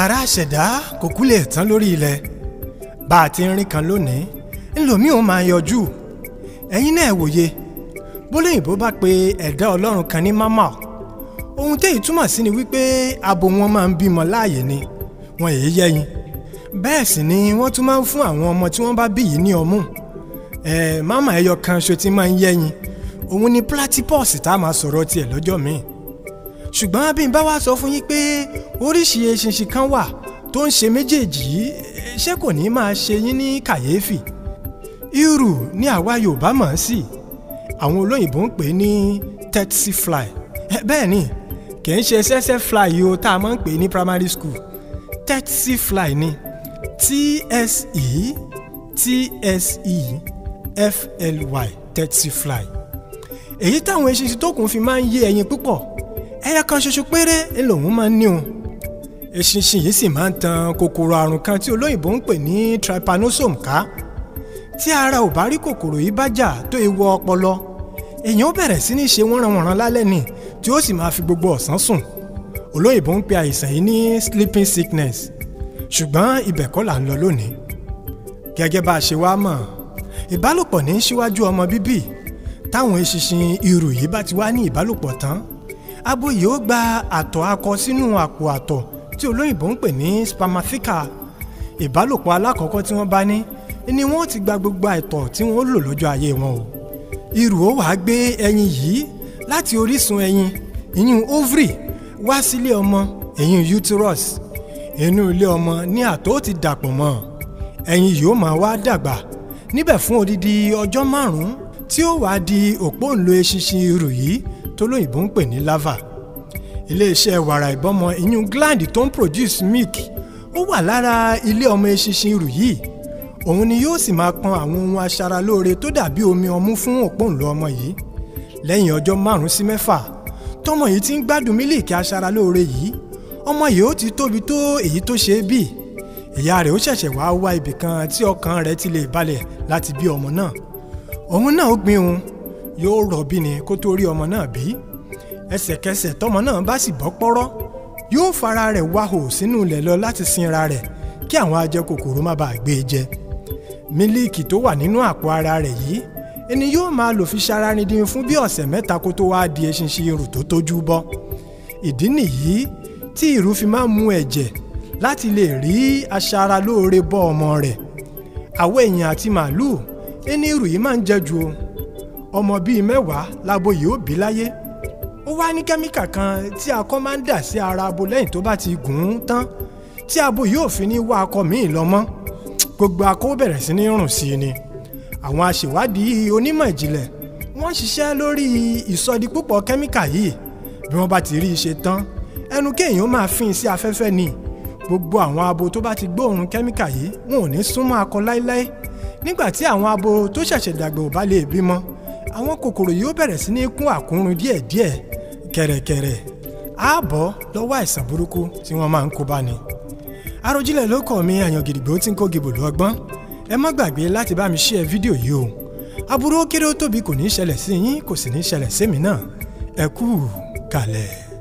ara àṣẹ̀dá kò kúlẹ̀ tán lórí ilẹ̀ bá a ti ń rìn kan lónìí ńlòmíì ò máa yọjú ẹ̀yin náà wòye bólóyìnbó bá pe ẹ̀dá ọlọ́run kan ní mama ohun téyí túmọ̀ sí ni wípé abo wọn máa ń bímọ láàyè ni wọn èyí yẹ́yin bẹ́ẹ̀ sì ni wọ́n tún máa ń fún àwọn ọmọ tí wọ́n bá bí yìí ní ọmú ẹ̀ mama ẹyọ kan ṣo ti máa ń yẹ́yin òun ni platypus tá a máa sọ̀rọ̀ tiẹ̀ lọ́jọ́ míì ṣùgbọ́n bí n bá wá sọ fún yín pé oríṣi eṣinṣin kan wà tó ń ṣe méjèèjì yìí ṣé kò ní máa ṣe yín ní kàyéfì irù ní àwa Yorùbá mọ̀ ọ́n sí àwọn olóyìnbó ń pè ní tsetse fly bẹ́ẹ̀ ni kì í ṣe tsetse fly yìí o tá a máa ń pè ní primary school tsetse fly ni tse tse fly tsetse fly èyí táwọn eṣinṣin tó kún fi máa ń yé ẹyin púpọ̀ ẹyọ kan ṣoṣo péré lòun máa ń ní o eṣinṣin yìí sì máa ń tan kòkòrò àrùn kan tí olóyìnbó ń pè ní trypanosome ká tí ara ò bá rí kòkòrò yìí bá jà tó ewu ọpọlọ èèyàn ó bẹ̀rẹ̀ sí ní ṣe wọ́nranwọ̀nran lálẹ́ ni tí ó sì máa fi gbogbo ọ̀sán sùn olóyìnbó ń pe àìsàn yìí ní sleeping sickness ṣùgbọ́n ibẹ̀ kọ́ là ń lọ lónìí gẹ́gẹ́ bá a ṣe wá mọ̀ ìbálòpọ̀ ní síwájú ọmọ bíbí táwọn eṣinṣin irú yìí bá ti wá ní ìbálòpọ̀ tán abo yìí ó gba àtọ̀ akọ sínú àpò àtọ̀ tí olóyìnbó ń pè ní spermatheca ìbálòpọ̀ alákọ̀ọ́kọ́ tí wọ́n bá ní ni wọ́n ti gba gbogbo àìtọ̀ tí wọ́n lò lọ́jọ́ ayé wọn o irù ó wàá gbé ẹyin yìí láti orísun ẹyin ìyún ovary wá sílé ọmọ ìyún uterus inú ilé ọmọ ní àtọ̀ ó ti dàpọ̀ mọ́ ẹyin yìí ó máa wá dàgbà níbẹ̀ fún odidi ọjọ́ márùn-ún tí ó wàá di òpó ńlò eṣinṣin irù yìí tólóyìnbó ń pè ní larva iléeṣẹ́ wàrà ìbọ́mọ ìyún gland tó ń produce milk ó wà lára ilé ọmọ eṣinṣin rù yìí òun ni yóò sì máa pọn àwọn ohun aṣaralóore tó dàbí omi ọmú fún òpóǹlò ọmọ yìí lẹ́yìn ọjọ́ márùn-ún sí mẹ́fà tọmọ yìí ti ń gbádùn mílíìkì aṣaralóore yìí ọmọ yìí ó ti tóbi tó èyí tó ṣe é bíi ìyá rẹ̀ ó ṣẹ̀ṣẹ̀ wá wá ibì kan tí ọkàn rẹ̀ ti lè balẹ̀ láti bí ọmọ náà òun náà gbin òun yóò rọ̀bí ni kó tó rí ọmọ náà bí ẹsẹ̀kẹsẹ̀ tọmọ náà bá sì bọ́ pọ́rọ́ yóò fara rẹ̀ wáhò sínú ilẹ̀ lọ láti sinra rẹ̀ kí àwọn ajẹkòkòrò má baà gbé e jẹ mílíìkì tó wà nínú àpò ara rẹ̀ yìí ẹni yóò máa lò fi ṣararindin fún bí ọ̀sẹ̀ mẹ́ta kó tó wáá di eṣinṣin irù tó tójú bọ́ ìdí nìyí tí irù fi máa mu ẹ̀jẹ̀ láti lè rí aṣaralóore bọ́ ọmọ rẹ̀ àwọn èèyàn àti màálù ẹni irù yìí máa ń jẹ ju o ọmọ bíi mẹ́wàá labo yìí ó bí láyé ó wá ní kẹ́míkà kan tí akọ máa ń dà sí ara abo lẹ́yìn tó bá ti gùn ún tán tí abo yìí ò fi ní wá akọ míì lọ mọ́ gbogbo akọ bẹ̀rẹ̀ sí ní rùn sí i ni àwọn aṣèwádìí onímọ̀ ìjìnlẹ̀ wọ́n ṣiṣẹ́ lórí ìsọdipúpọ̀ kẹ́míkà yìí bí wọ́n bá ti rí i ṣe tán ẹnu kéèyàn máa fín sí afẹ́fẹ́ ni gbogbo àwọn abo tó bá ti gbóòórùn kẹ́míkà yìí wọn ò ní súnmọ́ akọ láéláé nígbà tí àwọn abo tó ṣẹ̀ṣẹ̀ dàgbà ò bá lè bímọ àwọn kòkòrò yóò bẹ̀rẹ̀ sí ní kún àkúrun díẹ̀díẹ̀ kẹ̀rẹ̀kẹ̀rẹ̀ ààbọ̀ lọ́wọ́ àìsàn burúkú tí wọ́n máa ń kó bá ni. Àròjinlẹ̀ ló kọ̀ mí àyàn gidigbo tí ń kó gibò lọ́gbọ́n ẹ má gbàgbé láti bá mi ṣí ẹ fídíò yìí o aburú ó kéré ó tóbi kò ní ṣẹlẹ̀ sí yín kò sì ní ṣẹlẹ̀ sí mi náà ẹ kú kalẹ̀.